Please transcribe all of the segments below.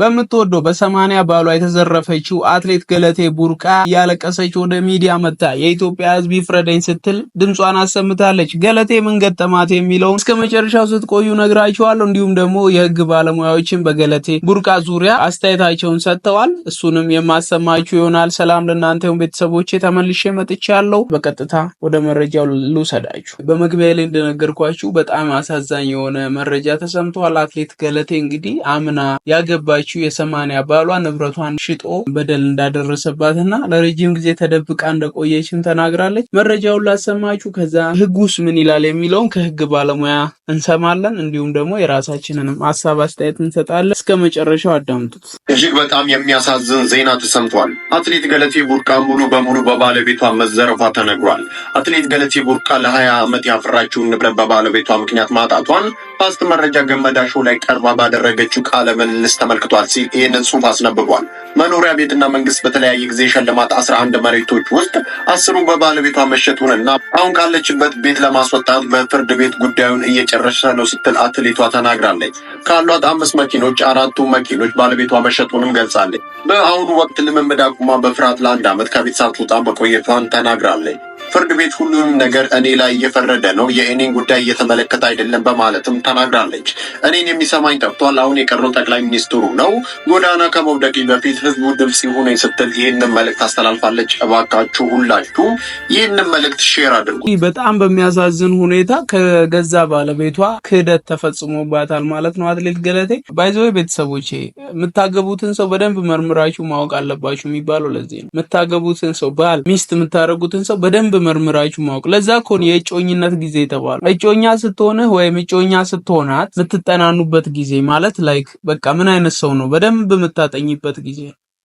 በምትወደው በሰማንያ ባሏ የተዘረፈችው አትሌት ገለቴ ቡርቃ እያለቀሰች ወደ ሚዲያ መታ የኢትዮጵያ ሕዝብ ይፍረደኝ ስትል ድምጿን አሰምታለች። ገለቴ ምን ገጠማት የሚለውን እስከ መጨረሻው ስትቆዩ ነግራችኋለሁ። እንዲሁም ደግሞ የህግ ባለሙያዎችን በገለቴ ቡርቃ ዙሪያ አስተያየታቸውን ሰጥተዋል። እሱንም የማሰማችሁ ይሆናል። ሰላም ለእናንተውን ቤተሰቦቼ፣ ተመልሼ መጥቻለሁ። በቀጥታ ወደ መረጃው ልውሰዳችሁ። በመግቢያ ላይ እንደነገርኳችሁ በጣም አሳዛኝ የሆነ መረጃ ተሰምተዋል። አትሌት ገለቴ እንግዲህ አምና ያገባ የነበረችው የሰማንያ ባሏ ንብረቷን ሽጦ በደል እንዳደረሰባትና ለረጅም ጊዜ ተደብቃ እንደቆየችም ተናግራለች። መረጃውን ላሰማችሁ። ከዛ ህግ ውስጥ ምን ይላል የሚለውን ከህግ ባለሙያ እንሰማለን። እንዲሁም ደግሞ የራሳችንንም ሀሳብ አስተያየት እንሰጣለን። እስከ መጨረሻው አዳምጡት። እጅግ በጣም የሚያሳዝን ዜና ተሰምቷል። አትሌት ገለቴ ቡርቃ ሙሉ በሙሉ በባለቤቷ መዘረፏ ተነግሯል። አትሌት ገለቴ ቡርቃ ለ20 ዓመት ያፈራችውን ንብረት በባለቤቷ ምክንያት ማጣቷን ፓስት መረጃ ገመዳ ላይ ቀርባ ባደረገችው ቃለ ምልልስ ተመልክቷል። ተሰጥቷል ሲል ይህንን ጽሁፍ አስነብቧል። መኖሪያ ቤትና መንግስት በተለያየ ጊዜ ሸልማት አስራ አንድ መሬቶች ውስጥ አስሩ በባለቤቷ መሸጡንና አሁን ካለችበት ቤት ለማስወጣት በፍርድ ቤት ጉዳዩን እየጨረሰ ነው ስትል አትሌቷ ተናግራለች። ካሏት አምስት መኪኖች አራቱ መኪኖች ባለቤቷ መሸጡንም ገልጻለች። በአሁኑ ወቅት ልምምድ አቁማ በፍርሃት ለአንድ ዓመት ከቤት ሳትወጣ መቆየቷን ተናግራለች። ፍርድ ቤት ሁሉንም ነገር እኔ ላይ እየፈረደ ነው፣ የእኔን ጉዳይ እየተመለከተ አይደለም በማለትም ተናግራለች። እኔን የሚሰማኝ ጠፍቷል፣ አሁን የቀረው ጠቅላይ ሚኒስትሩ ነው፣ ጎዳና ከመውደቂ በፊት ህዝቡ ድምፅ ይሁነኝ ስትል ይህን መልእክት አስተላልፋለች። እባካችሁ ሁላችሁ ይህን መልእክት ሼር አድርጉ። በጣም በሚያሳዝን ሁኔታ ከገዛ ባለቤቷ ክህደት ተፈጽሞባታል ማለት ነው። አትሌት ገለቴ ባይዘወ ቤተሰቦቼ የምታገቡትን ሰው በደንብ መርምራችሁ ማወቅ አለባችሁ የሚባለው ለዚህ ነው። የምታገቡትን ሰው ባል ሚስት የምታደርጉትን ሰው በደንብ በደንብ መርምራችሁ ማወቅ። ለዛ ከሆነ የእጮኝነት ጊዜ የተባለ እጮኛ ስትሆንህ ወይም እጮኛ ስትሆናት የምትጠናኑበት ጊዜ ማለት ላይክ በቃ ምን አይነት ሰው ነው በደንብ የምታጠኝበት ጊዜ፣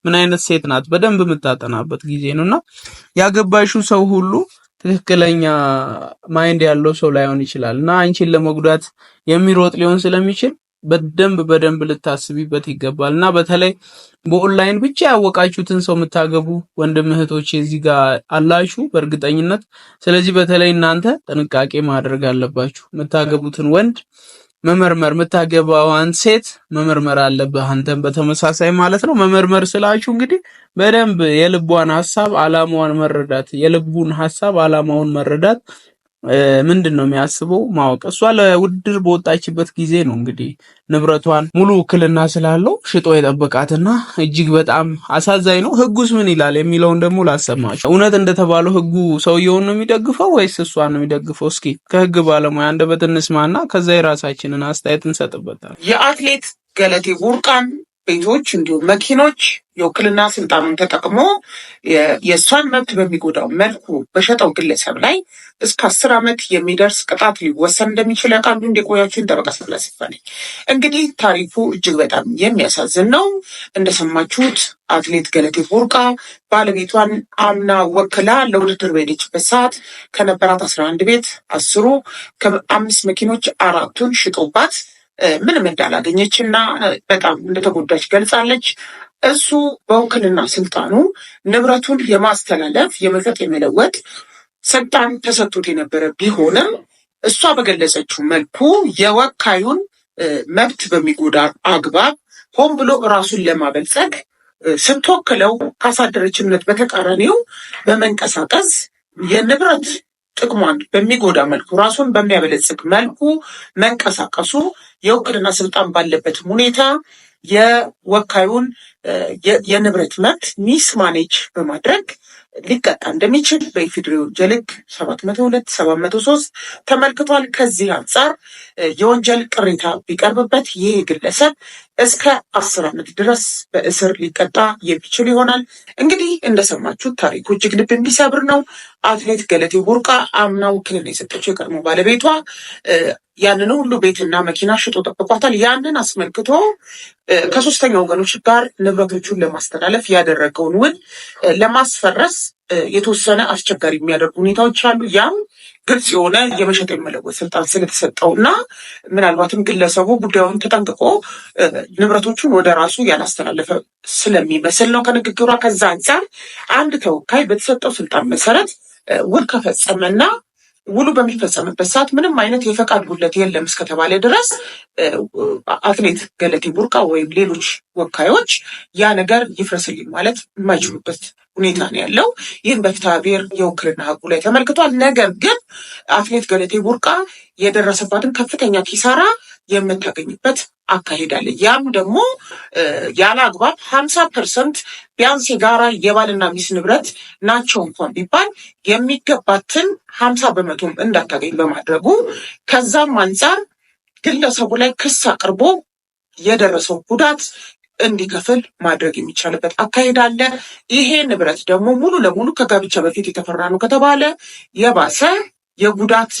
ምን አይነት ሴት ናት በደንብ የምታጠናበት ጊዜ ነው እና ያገባሹ ሰው ሁሉ ትክክለኛ ማይንድ ያለው ሰው ላይሆን ይችላል እና አንቺን ለመጉዳት የሚሮጥ ሊሆን ስለሚችል በደንብ በደንብ ልታስቢበት ይገባል እና በተለይ በኦንላይን ብቻ ያወቃችሁትን ሰው የምታገቡ ወንድም እህቶች እዚህ ጋር አላችሁ በእርግጠኝነት። ስለዚህ በተለይ እናንተ ጥንቃቄ ማድረግ አለባችሁ። የምታገቡትን ወንድ መመርመር፣ የምታገባዋን ሴት መመርመር አለብህ አንተን በተመሳሳይ ማለት ነው። መመርመር ስላችሁ እንግዲህ በደንብ የልቧን ሀሳብ አላማዋን መረዳት፣ የልቡን ሀሳብ አላማውን መረዳት ምንድን ነው የሚያስበው ማወቅ። እሷ ለውድድር በወጣችበት ጊዜ ነው እንግዲህ ንብረቷን ሙሉ ውክልና ስላለው ሽጦ የጠበቃትና እጅግ በጣም አሳዛኝ ነው። ህጉስ ምን ይላል የሚለውን ደግሞ ላሰማቸው። እውነት እንደተባለው ህጉ ሰውየውን ነው የሚደግፈው ወይስ እሷ ነው የሚደግፈው? እስኪ ከህግ ባለሙያ አንደበት እንስማና ከዛ የራሳችንን አስተያየት እንሰጥበታል። የአትሌት ገለቴ ቡርቃን ቤቶች እንዲሁም መኪኖች የውክልና ስልጣኑን ተጠቅሞ የእሷን መብት በሚጎዳው መልኩ በሸጠው ግለሰብ ላይ እስከ አስር ዓመት የሚደርስ ቅጣት ሊወሰን እንደሚችል ያውቃሉ። እንደቆያችን ጠበቃ ስላሴ እንግዲህ ታሪኩ እጅግ በጣም የሚያሳዝን ነው። እንደሰማችሁት አትሌት ገለቴ ቡርቃ ባለቤቷን አምና ወክላ ለውድድር በሄደችበት ሰዓት ከነበራት አስራ አንድ ቤት አስሩ ከአምስት መኪኖች አራቱን ሽጦባት ምንም እንዳላገኘች እና በጣም እንደተጎዳች ገልጻለች። እሱ በውክልና ስልጣኑ ንብረቱን የማስተላለፍ የመሸጥ፣ የመለወጥ ስልጣን ተሰጥቶት የነበረ ቢሆንም እሷ በገለጸችው መልኩ የወካዩን መብት በሚጎዳ አግባብ ሆን ብሎ ራሱን ለማበልጸግ ስትወክለው ካሳደረችነት በተቃራኒው በመንቀሳቀስ የንብረት ጥቅሟን በሚጎዳ መልኩ ራሱን በሚያበለጽግ መልኩ መንቀሳቀሱ የውክልና ስልጣን ባለበት ሁኔታ የወካዩን የንብረት መብት ሚስ ማኔጅ በማድረግ ሊቀጣ እንደሚችል በኢፌዴሪ ወንጀል ሕግ ሰባት መቶ ሁለት ሰባት መቶ ሶስት ተመልክቷል። ከዚህ አንጻር የወንጀል ቅሬታ ቢቀርብበት ይህ ግለሰብ እስከ አስር ዓመት ድረስ በእስር ሊቀጣ የሚችል ይሆናል። እንግዲህ እንደሰማችሁት ታሪኩ እጅግ ልብ የሚሰብር ነው። አትሌት ገለቴ ቡርቃ አምና ውክልና የሰጠችው የቀድሞ ባለቤቷ ያንን ሁሉ ቤትና መኪና ሽጦ ጠብቋታል። ያንን አስመልክቶ ከሶስተኛ ወገኖች ጋር ንብረቶቹን ለማስተላለፍ ያደረገውን ውል ለማስፈረስ የተወሰነ አስቸጋሪ የሚያደርጉ ሁኔታዎች አሉ። ያም ግልጽ የሆነ የመሸጥ የመለወጥ ስልጣን ስለተሰጠው እና ምናልባትም ግለሰቡ ጉዳዩን ተጠንቅቆ ንብረቶቹን ወደ ራሱ ያላስተላለፈ ስለሚመስል ነው ከንግግሯ። ከዛ አንጻር አንድ ተወካይ በተሰጠው ስልጣን መሰረት ውል ከፈጸመና ውሉ በሚፈጸምበት ሰዓት ምንም አይነት የፈቃድ ጉድለት የለም እስከተባለ ድረስ አትሌት ገለቴ ቡርቃ ወይም ሌሎች ወካዮች ያ ነገር ይፍረስልኝ ማለት የማይችሉበት ሁኔታ ነው ያለው። ይህም በፍትሐ ብሔር የውክልና ህጉ ላይ ተመልክቷል። ነገር ግን አትሌት ገለቴ ቡርቃ የደረሰባትን ከፍተኛ ኪሳራ የምታገኝበት አካሄዳለ አለ። ያም ደግሞ ያለ አግባብ ሀምሳ ፐርሰንት ቢያንስ የጋራ የባልና ሚስት ንብረት ናቸው እንኳን ቢባል የሚገባትን ሀምሳ በመቶም እንዳታገኝ በማድረጉ ከዛም አንጻር ግለሰቡ ላይ ክስ አቅርቦ የደረሰው ጉዳት እንዲከፍል ማድረግ የሚቻልበት አካሄድ አለ። ይሄ ንብረት ደግሞ ሙሉ ለሙሉ ከጋብቻ በፊት የተፈራ ነው ከተባለ የባሰ የጉዳት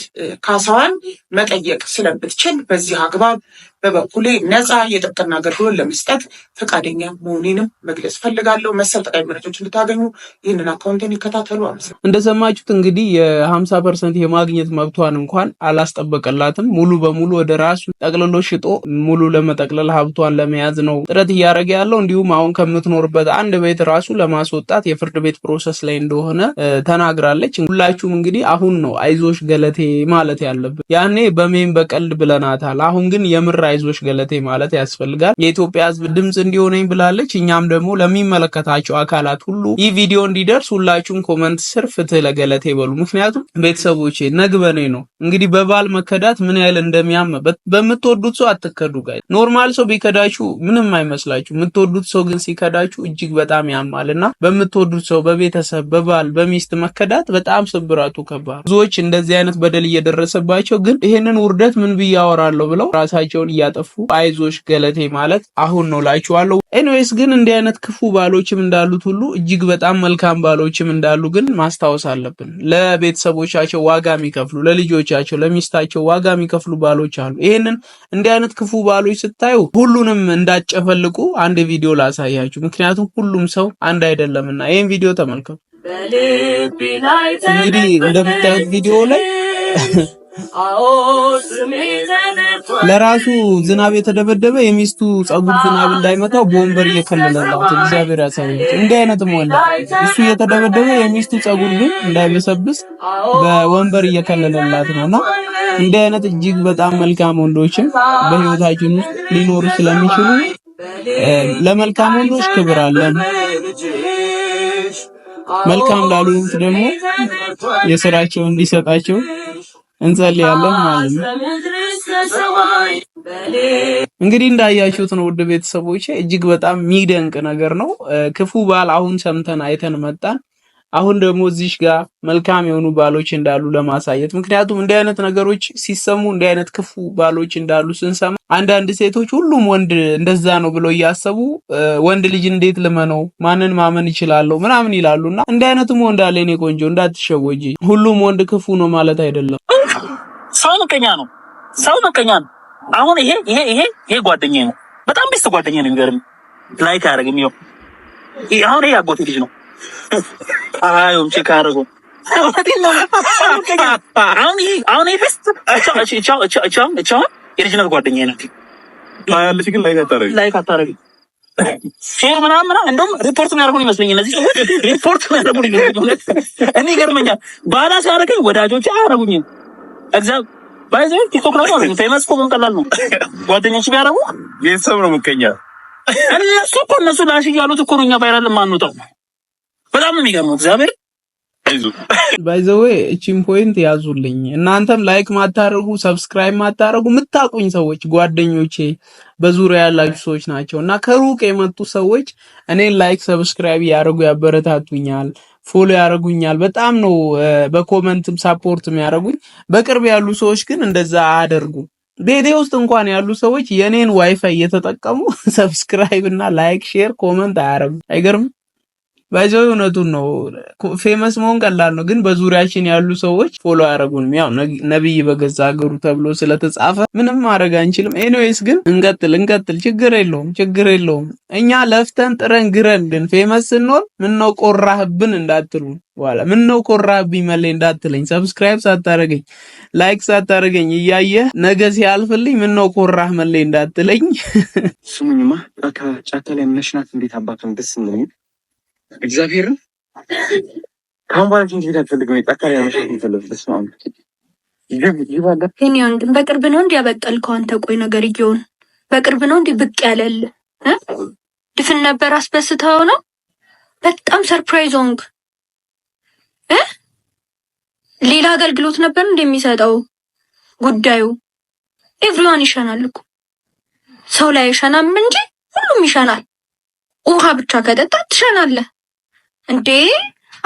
ካሳዋን መጠየቅ ስለምትችል በዚህ አግባብ በበኩሌ ነፃ የጥብቅና አገልግሎት ለመስጠት ፈቃደኛ መሆኔንም መግለጽ ፈልጋለሁ። መሰል ጠቃሚ መረጃዎች እንድታገኙ ይህንን አካውንትን ይከታተሉ። አመሰግናለሁ። እንደሰማችሁት እንግዲህ የሀምሳ ፐርሰንት የማግኘት መብቷን እንኳን አላስጠበቀላትም። ሙሉ በሙሉ ወደ ራሱ ጠቅልሎ ሽጦ ሙሉ ለመጠቅለል ሀብቷን ለመያዝ ነው ጥረት እያደረገ ያለው። እንዲሁም አሁን ከምትኖርበት አንድ ቤት ራሱ ለማስወጣት የፍርድ ቤት ፕሮሰስ ላይ እንደሆነ ተናግራለች። ሁላችሁም እንግዲህ አሁን ነው አይዞሽ ገለቴ ማለት ያለብን። ያኔ በሜን በቀልድ ብለናታል። አሁን ግን የምራ አይዞሽ ገለቴ ማለት ያስፈልጋል። የኢትዮጵያ ህዝብ ድምፅ እንዲሆነኝ ብላለች። እኛም ደግሞ ለሚመለከታቸው አካላት ሁሉ ይህ ቪዲዮ እንዲደርስ ሁላችሁም ኮመንት ስር ፍትህ ለገለቴ በሉ። ምክንያቱም ቤተሰቦቼ ነግበኔ ነው እንግዲህ በባል መከዳት ምን ያህል እንደሚያመ በምትወዱት ሰው አትከዱ ጋ ኖርማል ሰው ቢከዳችሁ ምንም አይመስላችሁ። የምትወዱት ሰው ግን ሲከዳችሁ እጅግ በጣም ያማልና በምትወዱት ሰው በቤተሰብ በባል በሚስት መከዳት በጣም ስብራቱ ከባድ ብዙዎች እንደዚህ አይነት በደል እየደረሰባቸው ግን ይሄንን ውርደት ምን ብዬ አወራለሁ ብለው ራሳቸውን እያጠፉ አይዞሽ ገለቴ ማለት አሁን ነው ላችኋለሁ። ኤኒዌይስ ግን እንዲህ አይነት ክፉ ባሎችም እንዳሉት ሁሉ እጅግ በጣም መልካም ባሎችም እንዳሉ ግን ማስታወስ አለብን። ለቤተሰቦቻቸው ዋጋ የሚከፍሉ ለልጆቻቸው፣ ለሚስታቸው ዋጋ የሚከፍሉ ባሎች አሉ። ይህንን እንዲህ አይነት ክፉ ባሎች ስታዩ ሁሉንም እንዳጨፈልቁ አንድ ቪዲዮ ላሳያችሁ። ምክንያቱም ሁሉም ሰው አንድ አይደለምና ይህን ቪዲዮ ተመልከቱ። እንግዲህ እንደምታዩት ቪዲዮ ላይ ለራሱ ዝናብ የተደበደበ የሚስቱ ጸጉር ዝናብ እንዳይመታው በወንበር እየከለለላት እግዚአብሔር ያሳየች። እንዲህ አይነት ወንድ እሱ የተደበደበ የሚስቱ ጸጉር ግን እንዳይበሰብስ በወንበር እየከለለላት ነውና እንዲህ አይነት እጅግ በጣም መልካም ወንዶችም በህይወታችን ውስጥ ሊኖሩ ስለሚችሉ ለመልካም ወንዶች ክብር አለን። መልካም ላሉት ደግሞ የሥራቸውን እንዲሰጣቸው እንጸልያለን ማለት ነው። እንግዲህ እንዳያችሁት ነው ውድ ቤተሰቦቼ፣ እጅግ በጣም የሚደንቅ ነገር ነው። ክፉ በዓል አሁን ሰምተን አይተን መጣን። አሁን ደግሞ እዚሽ ጋር መልካም የሆኑ ባሎች እንዳሉ ለማሳየት ምክንያቱም እንዲህ አይነት ነገሮች ሲሰሙ እንዲህ አይነት ክፉ ባሎች እንዳሉ ስንሰማ አንዳንድ ሴቶች ሁሉም ወንድ እንደዛ ነው ብለው እያሰቡ ወንድ ልጅ እንዴት ልመነው ማንን ማመን ይችላለሁ ምናምን ይላሉና እንዲህ አይነትም ወንድ አለ እኔ ቆንጆ እንዳትሸወጂ ሁሉም ወንድ ክፉ ነው ማለት አይደለም ሰው ምቀኛ ነው ሰው ምቀኛ ነው አሁን ይሄ ይሄ ይሄ ይሄ ጓደኛዬ ነው በጣም ቤስት ጓደኛዬ ነው ይገርም ላይክ አያደርግም ይኸው አሁን ይሄ አጎቴ ልጅ ነው አዩም ቺካጎ አሁን አሁን ኤፌስ የልጅነት ጓደኛ ናት። ያለች ግን ላይክ አታረግም፣ ላይክ ሼር ምናምን ምናምን እንደውም ሪፖርት ይመስለኝ እነዚህ ሰዎች ሪፖርት ይመስለኝ። እኔ ይገርመኛል። ባላ ሲያደርገኝ ወዳጆች አያረጉኝም። እግዚአብሔር ባይዘ ቲክቶክ ፌመስ ኮ ቀላል ነው። ጓደኞች ቤተሰብ ነው እነሱ እኮ እነሱ ላሽ እያሉት እኮ ነው እኛ ቫይራል በጣም ነው የሚገርመው። እግዚአብሔር ባይዘዌ እቺን ፖይንት ያዙልኝ። እናንተም ላይክ ማታረጉ፣ ሰብስክራይብ ማታረጉ የምታቁኝ ሰዎች ጓደኞቼ፣ በዙሪያ ያላችሁ ሰዎች ናቸው እና ከሩቅ የመጡ ሰዎች እኔን ላይክ ሰብስክራይብ ያደርጉ ያበረታቱኛል ፎሎ ያደርጉኛል። በጣም ነው በኮመንትም ሳፖርት የሚያደርጉኝ። በቅርብ ያሉ ሰዎች ግን እንደዛ አያደርጉ። ቤቴ ውስጥ እንኳን ያሉ ሰዎች የኔን ዋይፋይ እየተጠቀሙ ሰብስክራይብ እና ላይክ ሼር ኮመንት አያደርጉ። አይገርም? ባይዘው እውነቱን ነው። ፌመስ መሆን ቀላል ነው፣ ግን በዙሪያችን ያሉ ሰዎች ፎሎ አያደርጉንም። ያው ነቢይ በገዛ ሀገሩ ተብሎ ስለተጻፈ ምንም ማድረግ አንችልም። ኤኒዌይስ ግን እንቀጥል እንቀጥል፣ ችግር የለውም ችግር የለውም። እኛ ለፍተን ጥረን ግረን ግን ፌመስ ስንሆን ምነው ቆራህብን እንዳትሉ በኋላ ምን ነው ኮራብኝ መለኝ እንዳትለኝ፣ ሰብስክራይብ ሳታረገኝ ላይክ ሳታረገኝ እያየ ነገ ሲያልፍልኝ ምን ነው ኮራህ መለኝ እንዳትለኝ። ስሙኝማ ጫካ ላይ ምነሽናት እንዴት አባቱን ደስ እንደሚል እግዚአብሔርን ካሁን በኋላ ሽንት አትፈልግም። ጠካሪ ግን በቅርብ ነው እንዲ ያበቀልከው አንተ። ቆይ ነገር እየሆን በቅርብ ነው እንዲ ብቅ ያለል ድፍን ነበር አስበስተው ነው። በጣም ሰርፕራይዝ ሆንክ። ሌላ አገልግሎት ነበር እንደሚሰጠው ጉዳዩ ኤቭሪዋን ይሸናል እኮ ሰው ላይ ይሸናም እንጂ ሁሉም ይሸናል። ውሃ ብቻ ከጠጣ ትሸናለህ። እንዴ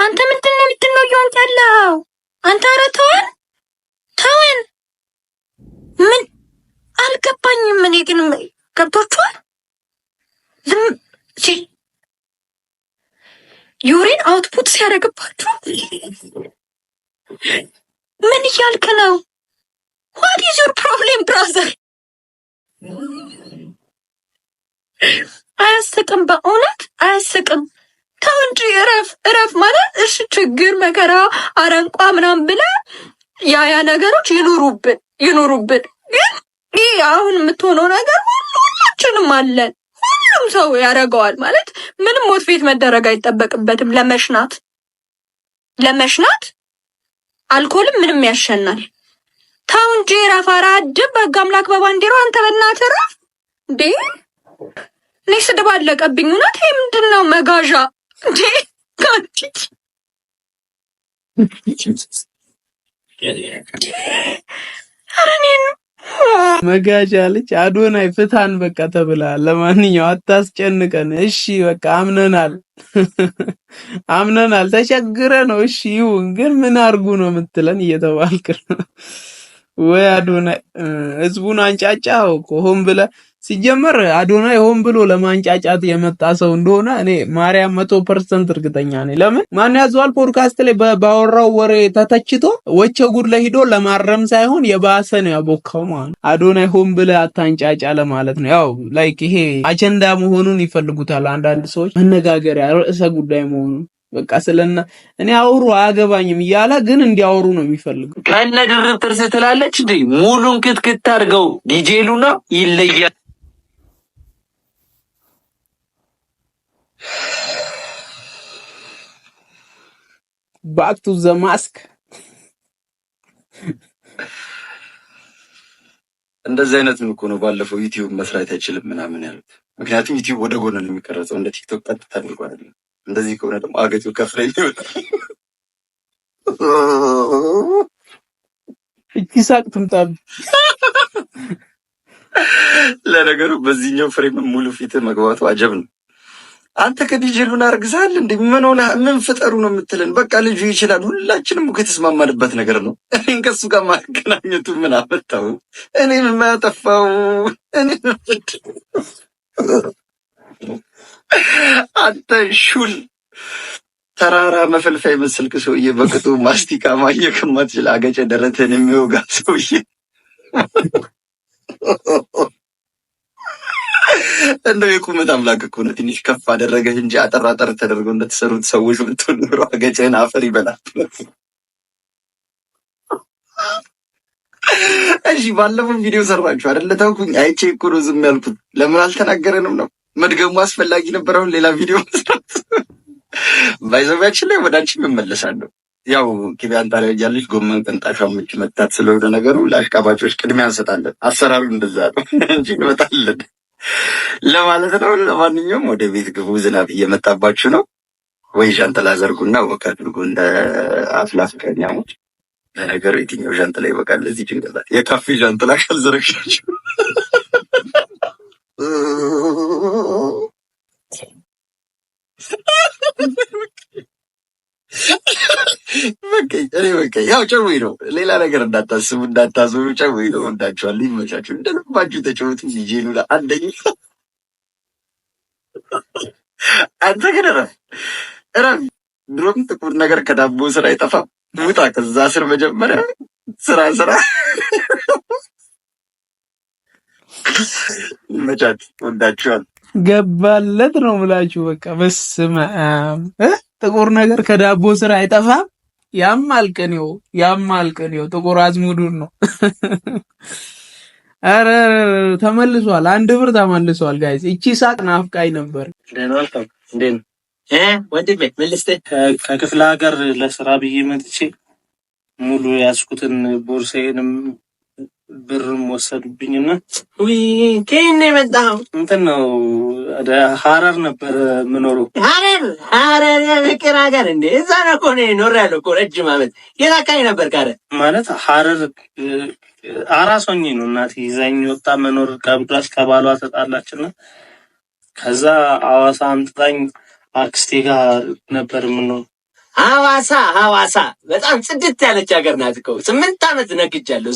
አንተ ምንድን ነው ምንድን ነው እየሆንክ ያለው አንተ? ኧረ ተወን ተወን። ምን አልገባኝም። እኔ ግን ገብቷችኋል? ዩሪን አውትፑት ሲያደርግባችሁ ምን እያልክ ነው? ዋት ኢዝ ዩር ፕሮብሌም ብራዘር? አያስቅም፣ በእውነት አያስቅም። ተው እንጂ እረፍ እረፍ ማለት እሺ፣ ችግር መከራ፣ አረንቋ ምናም ብለ ያ ያ ነገሮች ይኑሩብን ይኑሩብን። ግን ይህ አሁን የምትሆነው ነገር ሁላችንም አለን። ሁሉም ሰው ያደርገዋል ማለት ምንም ሞት ቤት መደረግ አይጠበቅበትም። ለመሽናት ለመሽናት አልኮልም ምንም ያሸናል። ተው እንጂ እረፍ። ድብ አድብ በሕግ አምላክ አንተ በእናትህ እረፍ እንዴ! እኔ ስድብ አለቀብኝ። እውነት ምንድን ነው መጋዣ መጋዣ ልጅ አዶናይ ፍታን በቃ ተብላ። ለማንኛው አታስጨንቀን እሺ፣ በቃ አምነናል፣ አምነናል ተቸግረ ነው እሺ፣ ይሁን ግን ምን አርጉ ነው የምትለን እየተባልክ ወይ? አዶናይ ህዝቡን አንጫጫ ሆን ብለህ ሲጀመር አዶናይ ሆን ብሎ ለማንጫጫት የመጣ ሰው እንደሆነ እኔ ማርያም መቶ ፐርሰንት እርግጠኛ ነኝ። ለምን ማን ያዘዋል? ፖድካስት ላይ ባወራው ወሬ ተተችቶ ወቸ ጉድ ለሂዶ ለማረም ሳይሆን የባሰ ነው ያቦካው ማለት ነው። አዶናይ ሆን ብለ አታንጫጫ ለማለት ነው። ያው ላይክ ይሄ አጀንዳ መሆኑን ይፈልጉታል አንዳንድ ሰዎች፣ መነጋገሪያ ርዕሰ ጉዳይ መሆኑን በቃ ስለና እኔ አውሩ አያገባኝም እያለ ግን እንዲያወሩ ነው የሚፈልጉ። ከነ ድርብ ትርስ ትላለች እንዴ ሙሉን ክትክት አድርገው ዲጄሉና ይለያል። back to the mask. እንደዚህ አይነት እኮ ነው። ባለፈው ዩቲዩብ መስራት አይችልም ምናምን ያሉት፣ ምክንያቱም ዩቲዩብ ወደ ጎን ነው የሚቀረጸው፣ እንደ ቲክቶክ ቀጥታ አድርጓል። እንደዚህ ከሆነ ደግሞ አገጩ ከፍሬ ይወጣል። እቺ ሳቅ ትምጣብ። ለነገሩ በዚህኛው ፍሬም ሙሉ ፊት መግባቱ አጀብ ነው። አንተ ከዲጄ ሉና አርግዛል እንዴ? ምን ሆነ? ምን ፍጠሩ ነው የምትለን? በቃ ልጁ ይችላል። ሁላችንም ከተስማማንበት ነገር ነው። እኔን ከሱ ጋር ማገናኘቱ ምን አመጣው? እኔ ምን ያጠፋው? እኔ አንተ ሹል ተራራ መፈልፈያ የምትስልክ ሰውዬ፣ በቅጡ ማስቲካ ማየክ የማትችል አገጨ ደረትን የሚወጋ ሰውዬ እንደው የቁመት አምላክ እኮ ነው። ትንሽ ከፍ አደረገህ እንጂ አጠራጠር ተደርገው እንደተሰሩት ሰዎች ብትሆን ኑሮ አገጭህን አፈር ይበላል። እሺ፣ ባለፈው ቪዲዮ ሰራችሁ አይደለ? ታውኩኝ አይቼ እኮ ነው ዝም ያልኩት። ለምን አልተናገረንም ነው መድገሙ አስፈላጊ ነበር። አሁን ሌላ ቪዲዮ መስራት ባይዘቢያችን ላይ ወደ አንቺ እመለሳለሁ። ያው ኪቢያን ታዲያ እያለች ጎመን ቅንጣሻ ምች መታት ስለሆነ ነገሩ ለአሽቃባጮች ቅድሚያ እንሰጣለን። አሰራሩ እንደዛ ነው እንጂ እንመጣለን። ለማለት ነው። ለማንኛውም ወደ ቤት ግቡ፣ ዝናብ እየመጣባችሁ ነው። ወይ ዣንጥላ ዘርጉና ወክ አድርጉ እንደ አፍላ ለነገሩ የትኛው ዣንጥላ ይበቃል ለዚህ ጭንቅላት? የካፌ ዣንጥላ ካልዘረግሻችሁ በቃ ያው ጨውዬ ነው። ሌላ ነገር እንዳታስቡ እንዳታስቡ፣ ጨውዬ ነው። ወዳችኋል፣ ይመቻችሁ፣ እንደልባችሁ ተጫወቱ። ልጄ ሉላ አንደኛ። አንተ ግን እረፍ እረፍ። ድሮም ጥቁር ነገር ከዳቦ ስራ አይጠፋም። ውጣ ከዛ ስር መጀመሪያ ስራ ስራ። ይመቻችሁ፣ ወዳችኋል። ገባለት ነው ምላችሁ። በቃ በስመ አብ። ጥቁር ነገር ከዳቦ ስራ አይጠፋም። ያማል ቅኔው ያማል ቅኔው ጥቁር አዝሙዱን ነው። አረ ተመልሷል፣ አንድ ብር ተመልሷል። ጋይስ እቺ ሳቅ ናፍቃኝ ነበር። ወንድሜ ከክፍለ ሀገር ለስራ ብዬ መጥቼ ሙሉ ያስኩትን ቦርሳዬንም ብርም ወሰዱብኝና ከይነ መጣው እንትን ነው ሀረር ነበር ምኖሩ። ሀረር ሀረር የፍቅር ሀገር እንዴ! እዛ ነው እኮ ኖር ያለው እኮ ረጅም ዓመት። የት አካባቢ ነበር? ካረ ማለት ሀረር አራሶኝ ነው እናት ይዛኝ ወጣ መኖር ቀብዷት ከባሏ ተጣላችና ከዛ አዋሳ አምጥታኝ አክስቴ ጋር ነበር ምኖር ሐዋሳ ሐዋሳ በጣም ጽድት ያለች ሀገር ናት እኮ ስምንት ዓመት ነግጃለሁ።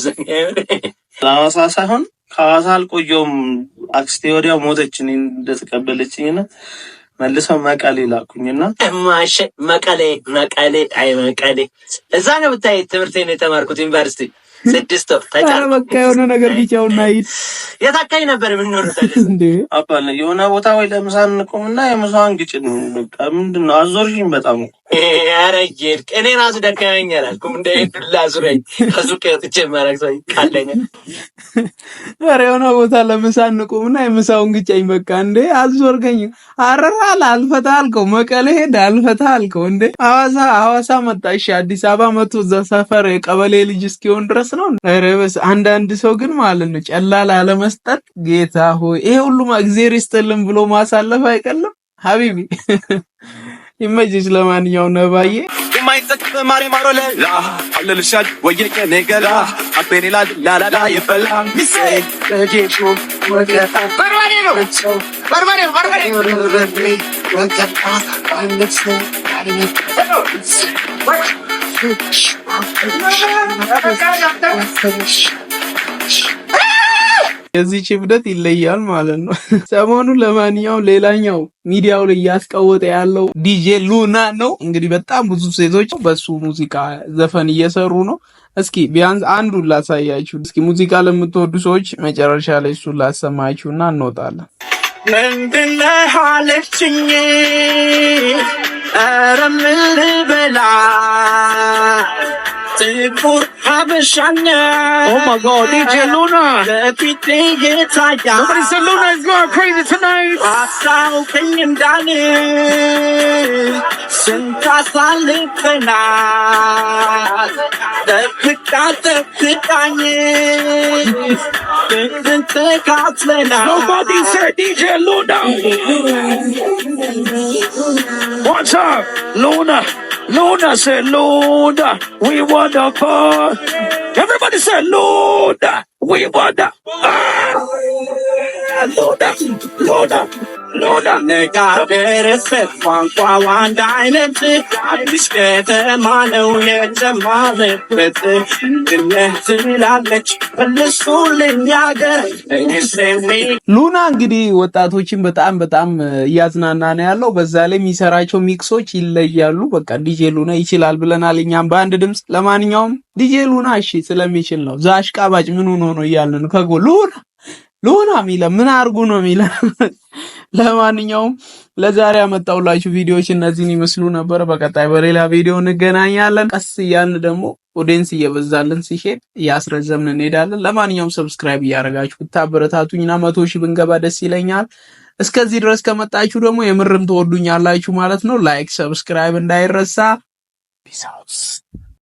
ሐዋሳ ሳይሆን ከሐዋሳ አልቆየሁም። አክስቴ ወዲያው ሞተች። እኔ እንደተቀበለችኝና መልሰው መቀሌ ላኩኝና ማሸ መቀሌ መቀሌ አይ መቀሌ እዛ ነው ብታይ ትምህርቴን የተማርኩት ዩኒቨርሲቲ ስድስት ወር ተጫበቃ የሆነ ነገር ቢቻውና ሂድ የታካኝ ነበር ነበር የምንኖሩት? የሆነ ቦታ ወይ ለምሳ እንቆምና የምሳውን ግጭት ምንድን ነው አዞርሽኝ በጣም እኮ ኧረ እየሄድክ እኔ ራሱ ደከመኝ አላልኩም። እንደ ዱላ ዙረኝ ከሱቅ ወጥቼ ማረግ ሰው ይቃለኛ። ኧረ የሆነ ቦታ ለምሳ እንቁምና የምሳውን ግጨኝ በቃ። እንዴ አዞርገኝ። አረራል አልፈታ አልከው፣ መቀሌ ሄድ አልፈታ አልከው። እንዴ አዋሳ አዋሳ መጣ እሺ፣ አዲስ አበባ መቶ እዛ ሰፈር የቀበሌ ልጅ እስኪሆን ድረስ ነው። ኧረ በስ አንዳንድ ሰው ግን ማለት ነው ጨላላ ለመስጠት ጌታ ሆይ ይሄ ሁሉም እግዜር ይስጥልን ብሎ ማሳለፍ አይቀልም ሀቢቢ ይመችሽ። ለማንኛውም ነባዬ የማይጠቅ ማሪ ማሮ አለልሻል ላላላ ሚሴ ለጌቹ ነው በርባሬ በርባሬ የዚች እብደት ይለያል ማለት ነው። ሰሞኑ ለማንኛውም ሌላኛው ሚዲያው ላይ እያስቀወጠ ያለው ዲጄ ሉና ነው። እንግዲህ በጣም ብዙ ሴቶች በሱ ሙዚቃ ዘፈን እየሰሩ ነው። እስኪ ቢያንስ አንዱን ላሳያችሁ። እስኪ ሙዚቃ ለምትወዱ ሰዎች መጨረሻ ላይ እሱን እና እንወጣለን። ምንድነህ አለችኝ ኧረ ምን ልበላ Oh my god, DJ Luna. Everything is like Somebody said Luna is going crazy tonight. Hasta opinion dale. Senta sale penal. The pita the pitanye. Didn't take out Nobody said DJ Luna. What's up, Luna? Luna, say Luna, we want a part. Everybody say Luna, we want a part. Luna, Luna, ነጋደረሰት ቋንቋው አንድ አይነት አዲስ ከተማ ነው የጀማለበት ድነት ትላለች መልሱልኝ ሀገር ሉና እንግዲህ ወጣቶችን በጣም በጣም እያዝናና ነው ያለው። በዛ ላይ የሚሰራቸው ሚክሶች ይለያሉ። በቃ ዲጄ ሉና ይችላል ብለናል እኛም በአንድ ድምፅ። ለማንኛውም ዲጄ ሉና እሺ ስለሚችል ነው። ዛ አሽቃባጭ ምን ሆኖ ነው እያልን ከጎ ሉና ሉና ሚለ ምን አርጉ ነው ሚለ ለማንኛውም ለዛሬ አመጣውላችሁ ቪዲዮዎች እነዚህን ይመስሉ ነበር። በቀጣይ በሌላ ቪዲዮ እንገናኛለን። ቀስ እያልን ደግሞ ኦዲንስ እየበዛልን ሲሄድ እያስረዘምን እንሄዳለን። ለማንኛውም ሰብስክራይብ እያደረጋችሁ ብታበረታቱኝና መቶ ሺህ ብንገባ ደስ ይለኛል። እስከዚህ ድረስ ከመጣችሁ ደግሞ የምርም ትወዱኛላችሁ ማለት ነው። ላይክ፣ ሰብስክራይብ እንዳይረሳ ፒስ